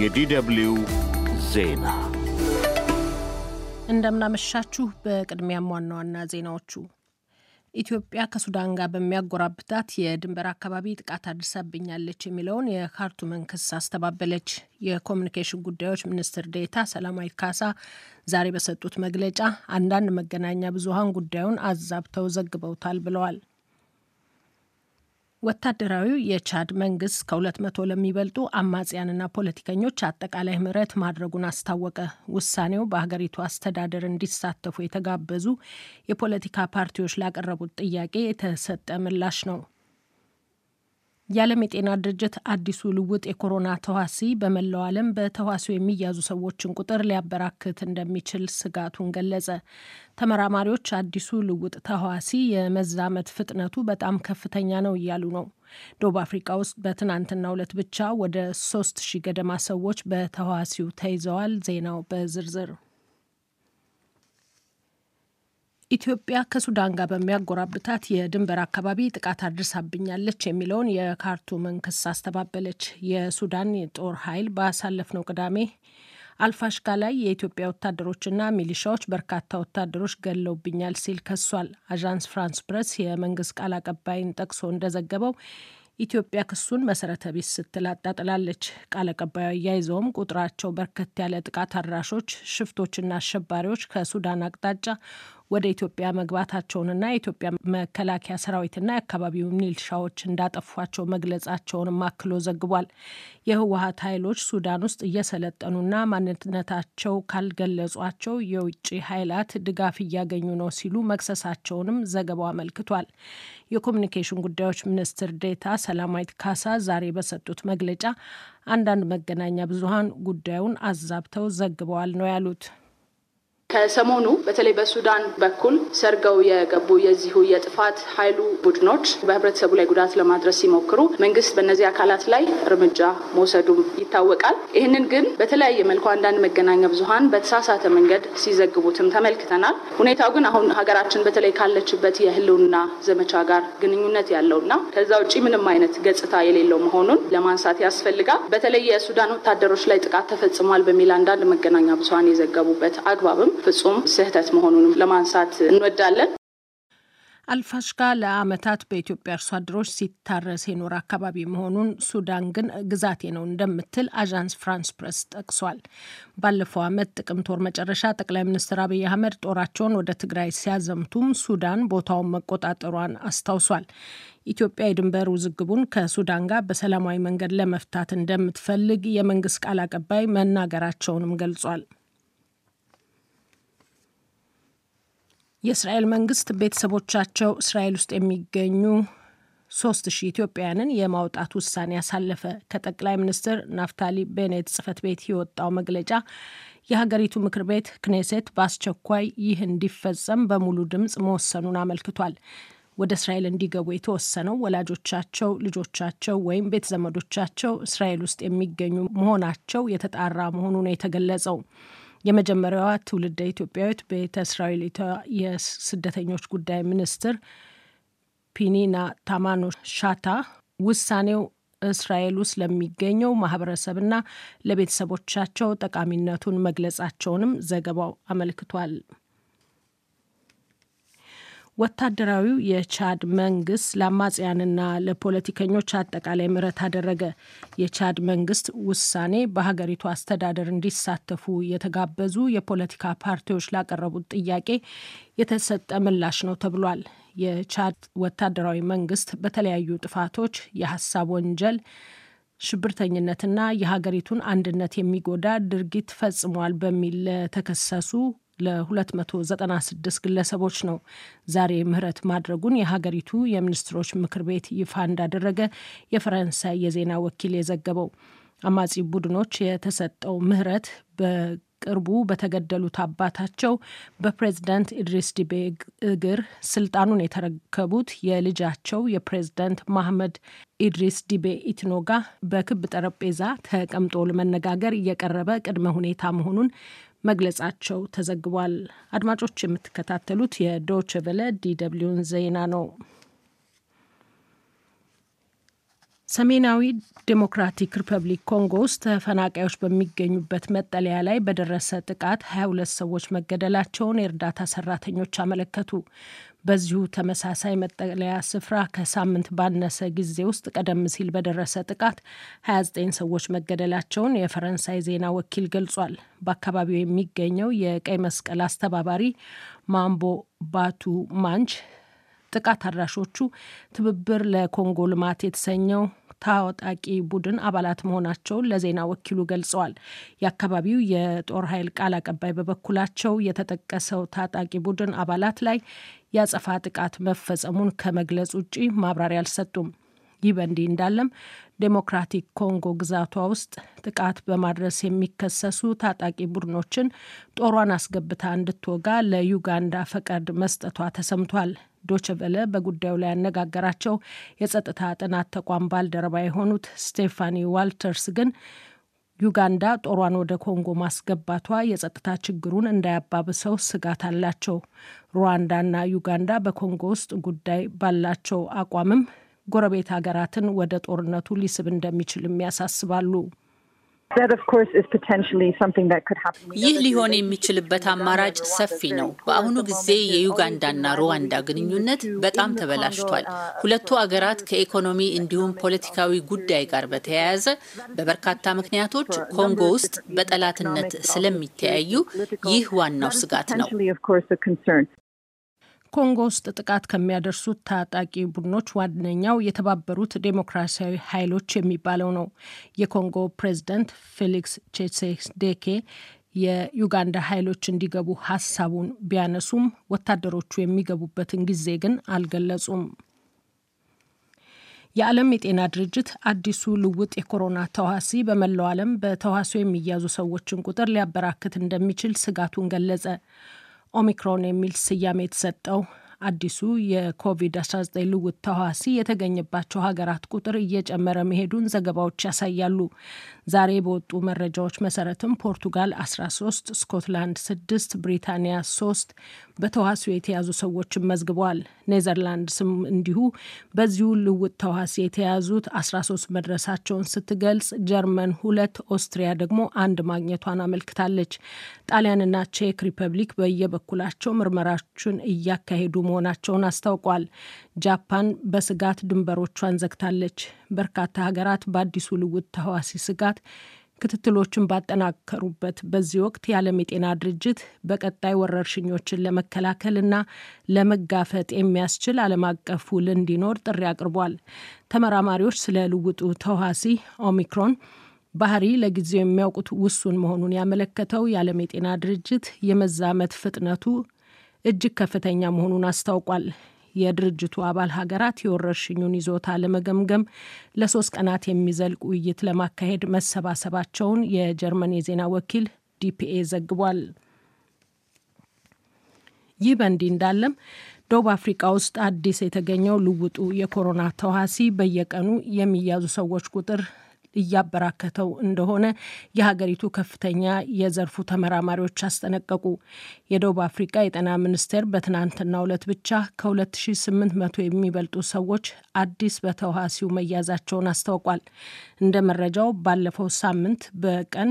የዲደብልዩ ዜና እንደምናመሻችሁ። በቅድሚያም ዋና ዋና ዜናዎቹ ኢትዮጵያ ከሱዳን ጋር በሚያጎራብታት የድንበር አካባቢ ጥቃት አድርሳብኛለች የሚለውን የካርቱምን ክስ አስተባበለች። የኮሚኒኬሽን ጉዳዮች ሚኒስትር ዴታ ሰላማዊት ካሳ ዛሬ በሰጡት መግለጫ አንዳንድ መገናኛ ብዙሃን ጉዳዩን አዛብተው ዘግበውታል ብለዋል። ወታደራዊ የቻድ መንግስት ከሁለት መቶ ለሚበልጡ አማጽያንና ፖለቲከኞች አጠቃላይ ምህረት ማድረጉን አስታወቀ። ውሳኔው በሀገሪቱ አስተዳደር እንዲሳተፉ የተጋበዙ የፖለቲካ ፓርቲዎች ላቀረቡት ጥያቄ የተሰጠ ምላሽ ነው። የዓለም የጤና ድርጅት አዲሱ ልውጥ የኮሮና ተዋሲ በመላው ዓለም በተዋሲው የሚያዙ ሰዎችን ቁጥር ሊያበራክት እንደሚችል ስጋቱን ገለጸ። ተመራማሪዎች አዲሱ ልውጥ ተዋሲ የመዛመት ፍጥነቱ በጣም ከፍተኛ ነው እያሉ ነው። ደቡብ አፍሪካ ውስጥ በትናንትና ሁለት ብቻ ወደ ሶስት ሺህ ገደማ ሰዎች በተዋሲው ተይዘዋል። ዜናው በዝርዝር ኢትዮጵያ ከሱዳን ጋር በሚያጎራብታት የድንበር አካባቢ ጥቃት አድርሳብኛለች የሚለውን የካርቱምን ክስ አስተባበለች። የሱዳን የጦር ኃይል ባሳለፍነው ቅዳሜ አልፋሽጋ ላይ የኢትዮጵያ ወታደሮችና ሚሊሻዎች በርካታ ወታደሮች ገለውብኛል ሲል ከሷል። አዣንስ ፍራንስ ፕረስ የመንግስት ቃል አቀባይን ጠቅሶ እንደዘገበው ኢትዮጵያ ክሱን መሰረተ ቢስ ስትል አጣጥላለች። ቃል አቀባዩ አያይዘውም ቁጥራቸው በርከት ያለ ጥቃት አድራሾች፣ ሽፍቶችና አሸባሪዎች ከሱዳን አቅጣጫ ወደ ኢትዮጵያ መግባታቸውንና የኢትዮጵያ መከላከያ ሰራዊትና የአካባቢው ሚልሻዎች እንዳጠፏቸው መግለጻቸውንም አክሎ ዘግቧል። የህወሀት ኃይሎች ሱዳን ውስጥ እየሰለጠኑና ማንነታቸው ካልገለጿቸው የውጭ ኃይላት ድጋፍ እያገኙ ነው ሲሉ መክሰሳቸውንም ዘገባው አመልክቷል። የኮሚኒኬሽን ጉዳዮች ሚኒስትር ዴታ ሰላማዊት ካሳ ዛሬ በሰጡት መግለጫ አንዳንድ መገናኛ ብዙሃን ጉዳዩን አዛብተው ዘግበዋል ነው ያሉት። ከሰሞኑ በተለይ በሱዳን በኩል ሰርገው የገቡ የዚሁ የጥፋት ኃይሉ ቡድኖች በህብረተሰቡ ላይ ጉዳት ለማድረስ ሲሞክሩ መንግስት በእነዚህ አካላት ላይ እርምጃ መውሰዱም ይታወቃል። ይህንን ግን በተለያየ መልኩ አንዳንድ መገናኛ ብዙሀን በተሳሳተ መንገድ ሲዘግቡትም ተመልክተናል። ሁኔታው ግን አሁን ሀገራችን በተለይ ካለችበት የህልውና ዘመቻ ጋር ግንኙነት ያለውና ከዛ ውጭ ምንም አይነት ገጽታ የሌለው መሆኑን ለማንሳት ያስፈልጋል። በተለይ የሱዳን ወታደሮች ላይ ጥቃት ተፈጽሟል በሚል አንዳንድ መገናኛ ብዙሀን የዘገቡበት አግባብም ፍጹም ስህተት መሆኑንም ለማንሳት እንወዳለን። አልፋሽጋ ለዓመታት በኢትዮጵያ አርሶ አደሮች ሲታረስ የኖረ አካባቢ መሆኑን ሱዳን ግን ግዛቴ ነው እንደምትል አዣንስ ፍራንስ ፕሬስ ጠቅሷል። ባለፈው ዓመት ጥቅምት ወር መጨረሻ ጠቅላይ ሚኒስትር አብይ አህመድ ጦራቸውን ወደ ትግራይ ሲያዘምቱም ሱዳን ቦታውን መቆጣጠሯን አስታውሷል። ኢትዮጵያ የድንበር ውዝግቡን ከሱዳን ጋር በሰላማዊ መንገድ ለመፍታት እንደምትፈልግ የመንግስት ቃል አቀባይ መናገራቸውንም ገልጿል። የእስራኤል መንግስት ቤተሰቦቻቸው እስራኤል ውስጥ የሚገኙ ሶስት ሺህ ኢትዮጵያውያንን የማውጣት ውሳኔ ያሳለፈ። ከጠቅላይ ሚኒስትር ናፍታሊ ቤኔት ጽህፈት ቤት የወጣው መግለጫ የሀገሪቱ ምክር ቤት ክኔሴት በአስቸኳይ ይህ እንዲፈጸም በሙሉ ድምፅ መወሰኑን አመልክቷል። ወደ እስራኤል እንዲገቡ የተወሰነው ወላጆቻቸው፣ ልጆቻቸው ወይም ቤተ ዘመዶቻቸው እስራኤል ውስጥ የሚገኙ መሆናቸው የተጣራ መሆኑ ነው የተገለጸው። የመጀመሪያዋ ትውልደ ኢትዮጵያዊት ቤተ እስራኤሊቷ የስደተኞች ጉዳይ ሚኒስትር ፒኒና ታማኖ ሻታ ውሳኔው እስራኤል ውስጥ ለሚገኘው ማህበረሰብና ለቤተሰቦቻቸው ጠቃሚነቱን መግለጻቸውንም ዘገባው አመልክቷል። ወታደራዊው የቻድ መንግስት ለአማጽያንና ለፖለቲከኞች አጠቃላይ ምህረት አደረገ። የቻድ መንግስት ውሳኔ በሀገሪቱ አስተዳደር እንዲሳተፉ የተጋበዙ የፖለቲካ ፓርቲዎች ላቀረቡት ጥያቄ የተሰጠ ምላሽ ነው ተብሏል። የቻድ ወታደራዊ መንግስት በተለያዩ ጥፋቶች የሀሳብ ወንጀል ሽብርተኝነትና የሀገሪቱን አንድነት የሚጎዳ ድርጊት ፈጽሟል በሚል ለተከሰሱ ለ296 ግለሰቦች ነው ዛሬ ምህረት ማድረጉን የሀገሪቱ የሚኒስትሮች ምክር ቤት ይፋ እንዳደረገ የፈረንሳይ የዜና ወኪል የዘገበው። አማጺ ቡድኖች የተሰጠው ምህረት በቅርቡ በተገደሉት አባታቸው በፕሬዝዳንት ኢድሪስ ዲቤ እግር ስልጣኑን የተረከቡት የልጃቸው የፕሬዝዳንት ማህመድ ኢድሪስ ዲቤ ኢትኖጋ በክብ ጠረጴዛ ተቀምጦ ለመነጋገር እየቀረበ ቅድመ ሁኔታ መሆኑን መግለጻቸው ተዘግቧል። አድማጮች የምትከታተሉት የዶችቨለ ዲደብሊውን ዜና ነው። ሰሜናዊ ዴሞክራቲክ ሪፐብሊክ ኮንጎ ውስጥ ተፈናቃዮች በሚገኙበት መጠለያ ላይ በደረሰ ጥቃት 22 ሰዎች መገደላቸውን የእርዳታ ሰራተኞች አመለከቱ። በዚሁ ተመሳሳይ መጠለያ ስፍራ ከሳምንት ባነሰ ጊዜ ውስጥ ቀደም ሲል በደረሰ ጥቃት 29 ሰዎች መገደላቸውን የፈረንሳይ ዜና ወኪል ገልጿል። በአካባቢው የሚገኘው የቀይ መስቀል አስተባባሪ ማምቦ ባቱ ማንች ጥቃት አድራሾቹ ትብብር ለኮንጎ ልማት የተሰኘው ታጣቂ ቡድን አባላት መሆናቸውን ለዜና ወኪሉ ገልጸዋል። የአካባቢው የጦር ኃይል ቃል አቀባይ በበኩላቸው የተጠቀሰው ታጣቂ ቡድን አባላት ላይ ያጸፋ ጥቃት መፈጸሙን ከመግለጽ ውጪ ማብራሪያ አልሰጡም። ይህ በእንዲህ እንዳለም ዴሞክራቲክ ኮንጎ ግዛቷ ውስጥ ጥቃት በማድረስ የሚከሰሱ ታጣቂ ቡድኖችን ጦሯን አስገብታ እንድትወጋ ለዩጋንዳ ፈቃድ መስጠቷ ተሰምቷል። ዶችቨለ በጉዳዩ ላይ ያነጋገራቸው የጸጥታ ጥናት ተቋም ባልደረባ የሆኑት ስቴፋኒ ዋልተርስ ግን ዩጋንዳ ጦሯን ወደ ኮንጎ ማስገባቷ የጸጥታ ችግሩን እንዳያባብሰው ስጋት አላቸው። ሩዋንዳና ዩጋንዳ በኮንጎ ውስጥ ጉዳይ ባላቸው አቋምም ጎረቤት ሀገራትን ወደ ጦርነቱ ሊስብ እንደሚችልም ያሳስባሉ። ይህ ሊሆን የሚችልበት አማራጭ ሰፊ ነው። በአሁኑ ጊዜ የዩጋንዳና ሩዋንዳ ግንኙነት በጣም ተበላሽቷል። ሁለቱ አገራት ከኢኮኖሚ እንዲሁም ፖለቲካዊ ጉዳይ ጋር uh, በተያያዘ uh, በበርካታ uh, ምክንያቶች ኮንጎ ውስጥ በጠላትነት ስለሚተያዩ ይህ ዋናው ስጋት ነው። ኮንጎ ውስጥ ጥቃት ከሚያደርሱት ታጣቂ ቡድኖች ዋነኛው የተባበሩት ዴሞክራሲያዊ ኃይሎች የሚባለው ነው። የኮንጎ ፕሬዝዳንት ፌሊክስ ቼሴዴኬ የዩጋንዳ ኃይሎች እንዲገቡ ሀሳቡን ቢያነሱም ወታደሮቹ የሚገቡበትን ጊዜ ግን አልገለጹም። የዓለም የጤና ድርጅት አዲሱ ልውጥ የኮሮና ተዋሲ በመላው ዓለም በተዋሲው የሚያዙ ሰዎችን ቁጥር ሊያበራክት እንደሚችል ስጋቱን ገለጸ። ኦሚክሮን የሚል ስያሜ የተሰጠው አዲሱ የኮቪድ-19 ልውጥ ተዋሲ የተገኘባቸው ሀገራት ቁጥር እየጨመረ መሄዱን ዘገባዎች ያሳያሉ። ዛሬ በወጡ መረጃዎች መሰረትም ፖርቱጋል 13፣ ስኮትላንድ 6፣ ብሪታንያ 3 በተዋሲው የተያዙ ሰዎችን መዝግበዋል። ኔዘርላንድስም እንዲሁ በዚሁ ልውጥ ተዋሲ የተያዙት 13 መድረሳቸውን ስትገልጽ፣ ጀርመን ሁለት፣ ኦስትሪያ ደግሞ አንድ ማግኘቷን አመልክታለች። ጣሊያንና ቼክ ሪፐብሊክ በየበኩላቸው ምርመራችን እያካሄዱ መሆናቸውን አስታውቋል። ጃፓን በስጋት ድንበሮቿን ዘግታለች። በርካታ ሀገራት በአዲሱ ልውጥ ተህዋሲ ስጋት ክትትሎችን ባጠናከሩበት በዚህ ወቅት የዓለም የጤና ድርጅት በቀጣይ ወረርሽኞችን ለመከላከል እና ለመጋፈጥ የሚያስችል ዓለም አቀፍ ውል እንዲኖር ጥሪ አቅርቧል። ተመራማሪዎች ስለ ልውጡ ተዋሲ ኦሚክሮን ባህሪ ለጊዜው የሚያውቁት ውሱን መሆኑን ያመለከተው የዓለም የጤና ድርጅት የመዛመት ፍጥነቱ እጅግ ከፍተኛ መሆኑን አስታውቋል። የድርጅቱ አባል ሀገራት የወረርሽኙን ይዞታ ለመገምገም ለሶስት ቀናት የሚዘልቅ ውይይት ለማካሄድ መሰባሰባቸውን የጀርመን የዜና ወኪል ዲፒኤ ዘግቧል። ይህ በእንዲህ እንዳለም ደቡብ አፍሪካ ውስጥ አዲስ የተገኘው ልውጡ የኮሮና ተዋሲ በየቀኑ የሚያዙ ሰዎች ቁጥር እያበራከተው እንደሆነ የሀገሪቱ ከፍተኛ የዘርፉ ተመራማሪዎች አስጠነቀቁ። የደቡብ አፍሪካ የጤና ሚኒስቴር በትናንትናው ዕለት ብቻ ከ2800 የሚበልጡ ሰዎች አዲስ በተህዋሲው መያዛቸውን አስታውቋል። እንደ መረጃው ባለፈው ሳምንት በቀን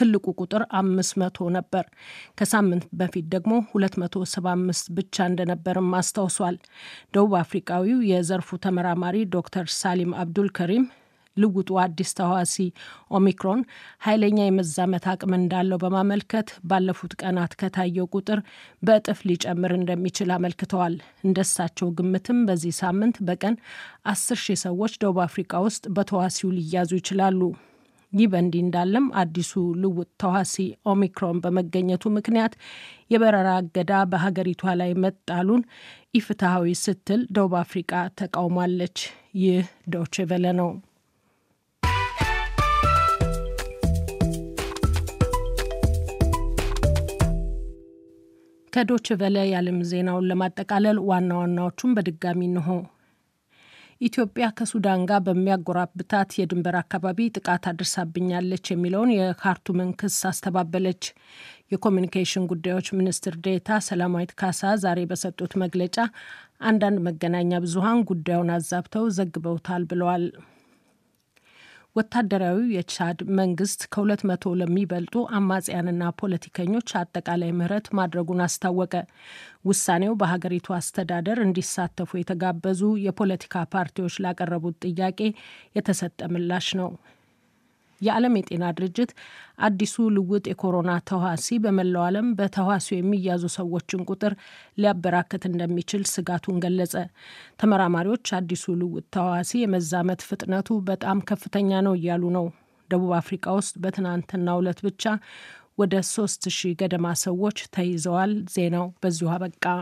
ትልቁ ቁጥር 500 ነበር። ከሳምንት በፊት ደግሞ 275 ብቻ እንደነበርም አስታውሷል። ደቡብ አፍሪካዊው የዘርፉ ተመራማሪ ዶክተር ሳሊም አብዱል ከሪም ልውጡ አዲስ ተዋሲ ኦሚክሮን ኃይለኛ የመዛመት አቅም እንዳለው በማመልከት ባለፉት ቀናት ከታየው ቁጥር በእጥፍ ሊጨምር እንደሚችል አመልክተዋል። እንደሳቸው ግምትም በዚህ ሳምንት በቀን አስር ሺህ ሰዎች ደቡብ አፍሪካ ውስጥ በተዋሲው ሊያዙ ይችላሉ። ይህ በእንዲህ እንዳለም አዲሱ ልውጥ ተዋሲ ኦሚክሮን በመገኘቱ ምክንያት የበረራ እገዳ በሀገሪቷ ላይ መጣሉን ኢፍትሐዊ ስትል ደቡብ አፍሪቃ ተቃውማለች። ይህ ዶችቨለ ነው። ከዶች ቨለ የዓለም ዜናውን ለማጠቃለል ዋና ዋናዎቹን በድጋሚ እንሆ። ኢትዮጵያ ከሱዳን ጋር በሚያጎራብታት የድንበር አካባቢ ጥቃት አድርሳብኛለች የሚለውን የካርቱምን ክስ አስተባበለች። የኮሚኒኬሽን ጉዳዮች ሚኒስትር ዴታ ሰላማዊት ካሳ ዛሬ በሰጡት መግለጫ አንዳንድ መገናኛ ብዙሃን ጉዳዩን አዛብተው ዘግበውታል ብለዋል። ወታደራዊ የቻድ መንግስት ከሁለት መቶ ለሚበልጡ አማጽያንና ፖለቲከኞች አጠቃላይ ምህረት ማድረጉን አስታወቀ። ውሳኔው በሀገሪቱ አስተዳደር እንዲሳተፉ የተጋበዙ የፖለቲካ ፓርቲዎች ላቀረቡት ጥያቄ የተሰጠ ምላሽ ነው። የዓለም የጤና ድርጅት አዲሱ ልውጥ የኮሮና ተዋሲ በመላው ዓለም በተዋሲው የሚያዙ ሰዎችን ቁጥር ሊያበራክት እንደሚችል ስጋቱን ገለጸ። ተመራማሪዎች አዲሱ ልውጥ ተዋሲ የመዛመት ፍጥነቱ በጣም ከፍተኛ ነው እያሉ ነው። ደቡብ አፍሪካ ውስጥ በትናንትናው ዕለት ብቻ ወደ ሶስት ሺህ ገደማ ሰዎች ተይዘዋል። ዜናው በዚሁ አበቃ።